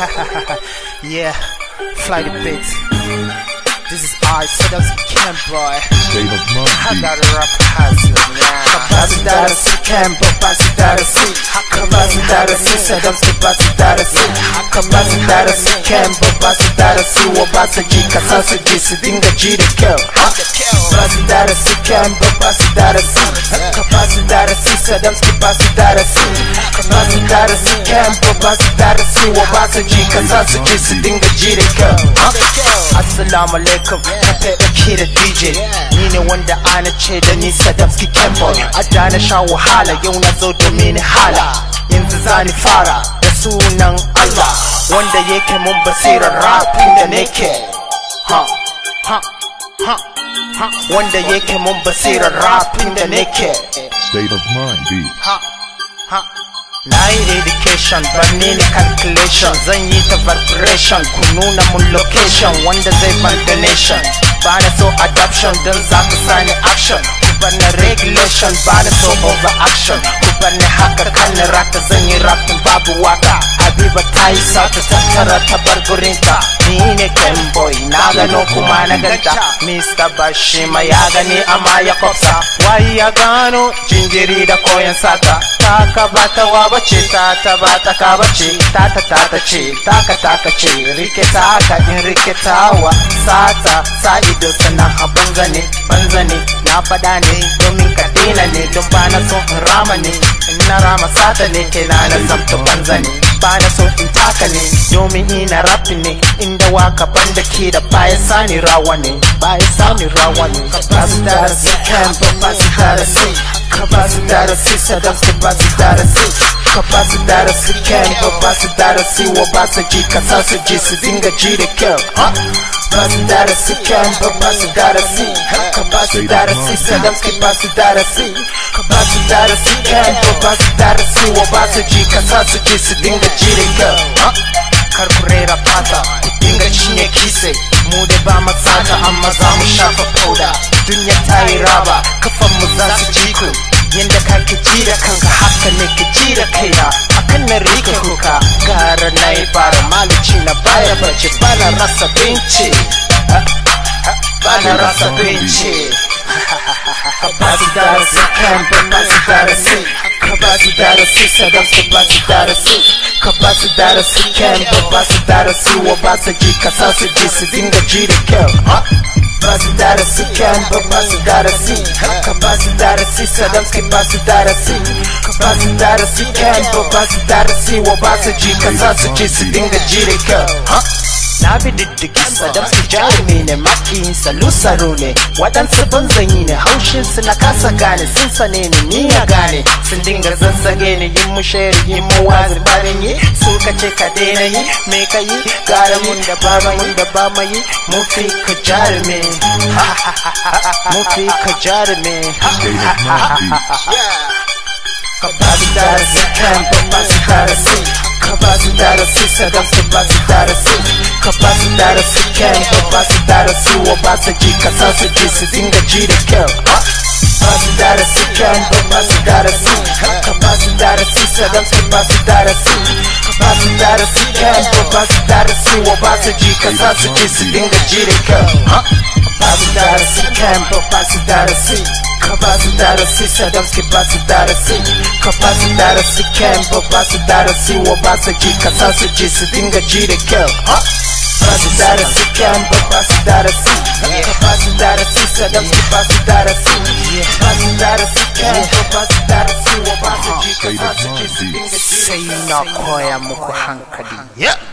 yeah, fly the bit. This is I, so that's Ken Boy. State of mind. I got a rap hazard, كامبو باسي دارسي حقا باسي دارسي سدمت باسي دارسي حقا باسي دارسي كامبو باسي دارسي وباسي جي كاساسي جي سدينجا جي دكيو باسي دارسي كامبو باسي دارسي حقا باسي دارسي سدمت باسي دارسي باسي دارسي كامبو باسي دارسي وباسي جي كاساسي جي سدينجا جي دكيو Assalamu alaikum, ka kai da DJ, ni ne wanda ana ce da ni Sadamski Kembo, a dana sha wahala. hala yau na zo domin hala yanzu zani fara da sunan Allah wanda yake mun basirar rafin da nake ha ha ha wanda yake mun basirar rafin da nake state of mind be ha ha na yi dedication ban ne calculation zan yi ta vibration ku nuna mun location wanda zai ban donation ba so adoption don za ku sani action duba regulation bane so over overaction duba haka kane raka rata zan rafin babu waka habiba tayi yi sata ta bar gurinta ni ne boy na gano kuma na ganta mr bashima ya gani amma ya kwafsa wai ya gano jinjiri da koyan sata taka bata ta wa ta taka taka ce rike taka in rike tawa sata sa idon sana abin banzani banzane na faɗa ne domin ka dina ne don ba na so in rama ne in na rama sata ne ke na na zamta banza ne ba na ne domin ni na rafi ne inda waka banda ke baya sani rawa ne baya sani rawa ne ka basu da su kan ba da su kapasitadasi sadaftabasitadasi kapasitadasi kemba basitadasi wabasajikasasiji sizingajirekem Kapasitadasi kemba basitadasi kapasitadasi sadamski basitadasi kapasitadasi kemba basitadasi wabasajikasasiji sizingajirekem karkurera pata dinga cinye kise mu da ba matsaka amma za mu shafa powder dunya ta yi raba kafan mu za su ci ku yanda ka ke ci da kanka haka ne ke ci da kaina akan na rika kuka gara na yi fara malici na baya bace bana rasa binci bana rasa binci Kabasi ba su darasi kabasi ba si kabasi dara si sadam kabasi dara si kabasi dara si kan kabasi dara si wa basa ji kasa su ji su dinga ji da kyau Capaz de capacidade assim, quero dar assim, capaz é de dar assim, sabemos que passa dar assim, Capaz de capacidade assim, quero dar assim, assim é o assim. base de cansaço disse, linda direita. nabididdikisa damsu jarumi ne makiyinsa lusaro ne waɗansu banzanyi ne haushinsu na kasa gane sun sane ni ni ya gane sun dinga zazzage ni yin mu sheri yin mu wazi barin yi sun ka ce ka daina yi me ka yi gara mun da ba mun da ba mai mun fi ka jarumi mun fi ka jarumi ka ba su darasi kan ba su darasi ka ba su darasi sadam su ba su darasi Capacitar a se quem dar a sua base de cansaço de se direção Capacitar a se quem dar a si Capacitar a si serão dar a si Capacitar a si quem Capacitar a sua base de cansaço de se direção capacitar assim, quem capacitar assim, capacitar assim, sabemos capacitar assim, capacitar assim, quem capacitar assim, o a de cansaço de se vingar direção. Kapasitarasi kan capacidade assim, capacidade assim, Kapasitarasi kan berpasitarasi Wapasiki kapasiki sepinggir capacidade nak koya muku hankali Yeah